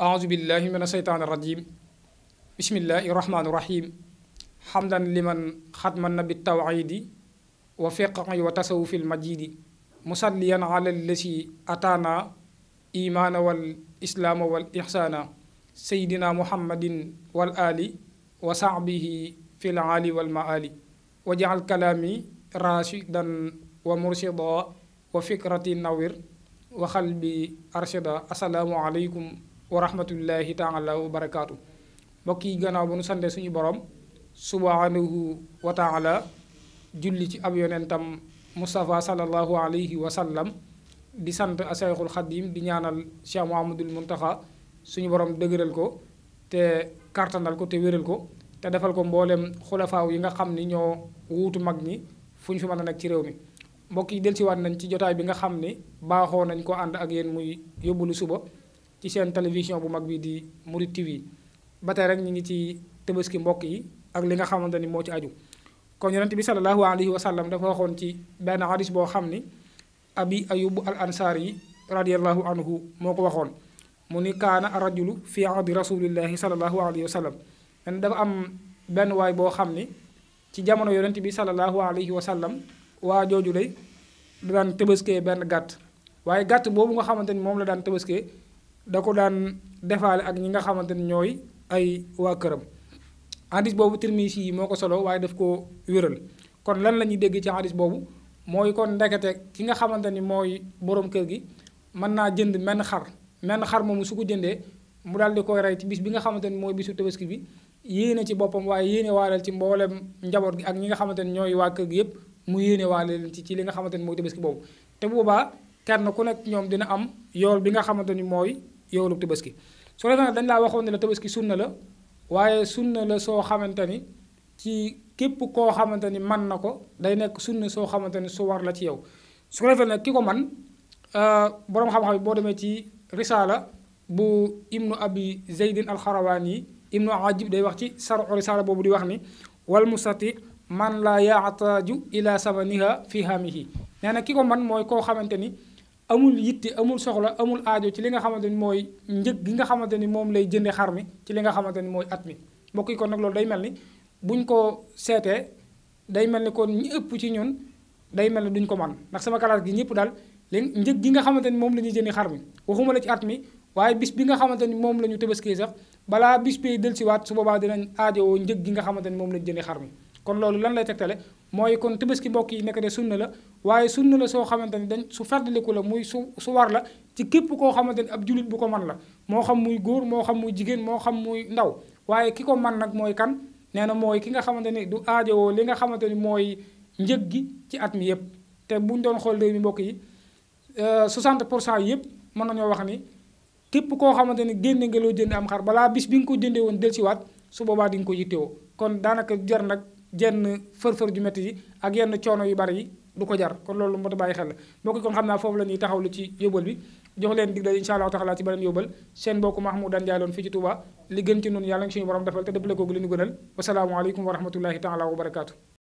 أعوذ بالله من الشيطان الرجيم بسم الله الرحمن الرحيم حمدا لمن ختمنا بالتوعيد وفقه وتصوف المجيد مصليا على الذي أتانا إيمان والإسلام والإحسان سيدنا محمد والآل وصعبه في العالي والمآل وجعل كلامي راشدا ومرشدا وفكرتي نوير وقلبي أرشدا السلام عليكم wa rahmatullahi taala wa barakaatu mbokk yi gannaaw ba nu sante suñu borom subhanahu wa taala julli ci ab yonentam Moustapha sallallahu alayhi wa sallam di sant asayxul xadim di ñaanal Cheikh Mouhamadul Muntaxa suñu borom dëgëral ko te kartanal ko te wéral ko te defal ko mboolem xulafaaw yi nga xam ni ñoo wuutu mag ñi fu fi mën a nekk ci réew mi mbokk yi dellusiwaat nañ ci jotaay bi nga xam ni baaxoo nañ ko ànd ak yéen muy yóbbalu suba ci seen télévision bu mag bi di Mouride TV ba tey rek ñu ngi ci tëbaski mbokk yi ak li nga xamante ni ci aju kon yonent bi sallallahu alayhi wa sallam dafa waxoon ci benn hadis boo xam abi ayubu al Ansari yi radiallahu anhu moo ko waxoon mu ni kaana rajulu fi ahdi rasulillahi sallallahu alayhi wa sallam men dafa am benn waay boo xam ni ci jamono yonent bi sallallahu alayhi wa sallam waa jooju lay daan ben benn gàtt waaye gàtt boobu nga xamante ni moom la daan da ko daan defaale ak ñi nga xamante ni ñooy ay waa këram hadis boobu Tirmisi yi moo ko solo waaye daf koo wéral kon lan la ñuy dégg ci hadis boobu mooy kon ndekete ki nga xamante ni mooy boroom kër gi mën naa jënd menn xar menn xar moom su ko jëndee mu daal di koy rey ci bis bi nga xamante ni mooy bisu tabaski bi yéene ci boppam waaye yéene waaleel ci mboolem njaboot gi ak ñi nga xamante ni ñooy waa kër gi yépp mu yéene waale ci ci li nga xamante ni mooy tabaski boobu te boobaa kenn ku nekk ñoom dina am yool bi nga xamante ni mooy yoolu tabaski su defee nag dañ laa waxoon ne la tabaski sunna la waaye sunna la soo xamante ni ci képp koo xamante ni man na ko day nekk sunna soo xamante ni su war la ci yow su ko defee nag ki ko man euh, boroom xam-xam yi boo demee ci risaala bu ibnu abi zeydin alxarawaan yi ibnu ajib day wax ci saru risaala boobu di wax ni wal mustati man la yaataaju ila samaniha fi hamihi nee na ki ko man mooy amul yitte amul soxla amul aajo ci li nga xamante ni mooy njëg gi nga xamante ni moom lay jënde xar mi ci li nga xamante ni mooy at mi mbokk yi kon nag loolu day mel ni buñ ko seetee day mel ni kon ñi ëpp ci ñun day mel ni duñ ko man ndax sama kalaas gi ñëpp daal li njëg gi nga xamante ni moom la ñuy jëndi xar mi waxuma la ci bis bi nga xamante ni moom la ñu tëbaskee sax balaa bis bee dellusiwaat su boobaa dinañ aajowoo njëg gi nga xamante ni moom lañ jëndi xar mi kon loolu lan lay tegtale mooy kon tabaski mbokk yi nekk de sunna la waaye sunna la soo xamante ni dañ su fàttaliku la muy su su war la ci képp koo xamante ni ab jullit bu ko man la moo xam muy góor moo xam muy jigéen moo xam muy ndaw waaye ki ko man nag mooy kan nee na mooy ki nga xamante ni du aajowoo li nga xamante ni mooy njëg gi ci at mi yëpp te buñ doon xool réew mi mbokk yi 60 euh, pour cent yëpp mën ñoo wax ni képp koo xamante ni génne nga loo jënd am xar balaa bis bi nga ko jëndee woon dellusiwaat su boobaa di nga ko yittewoo kon daanaka jar nag jenn fër-fër ju métti yi ak yenn coono yu bari yi du ko jar kon loolu moo bàyyi xel la mbokk kon xam naa foofu la ñuy taxaw lu ci yóbbal bi jox leen dig da incha allahu taala ci beneen yóbbal seen mbokk Mahmoudane Ndiaye loon fii ci Touba li gën ci noonu yàlla ngi suñu borom defal te dëppale ko li ñu gënal wasalaamualeykum wa rahmatullahi taala wa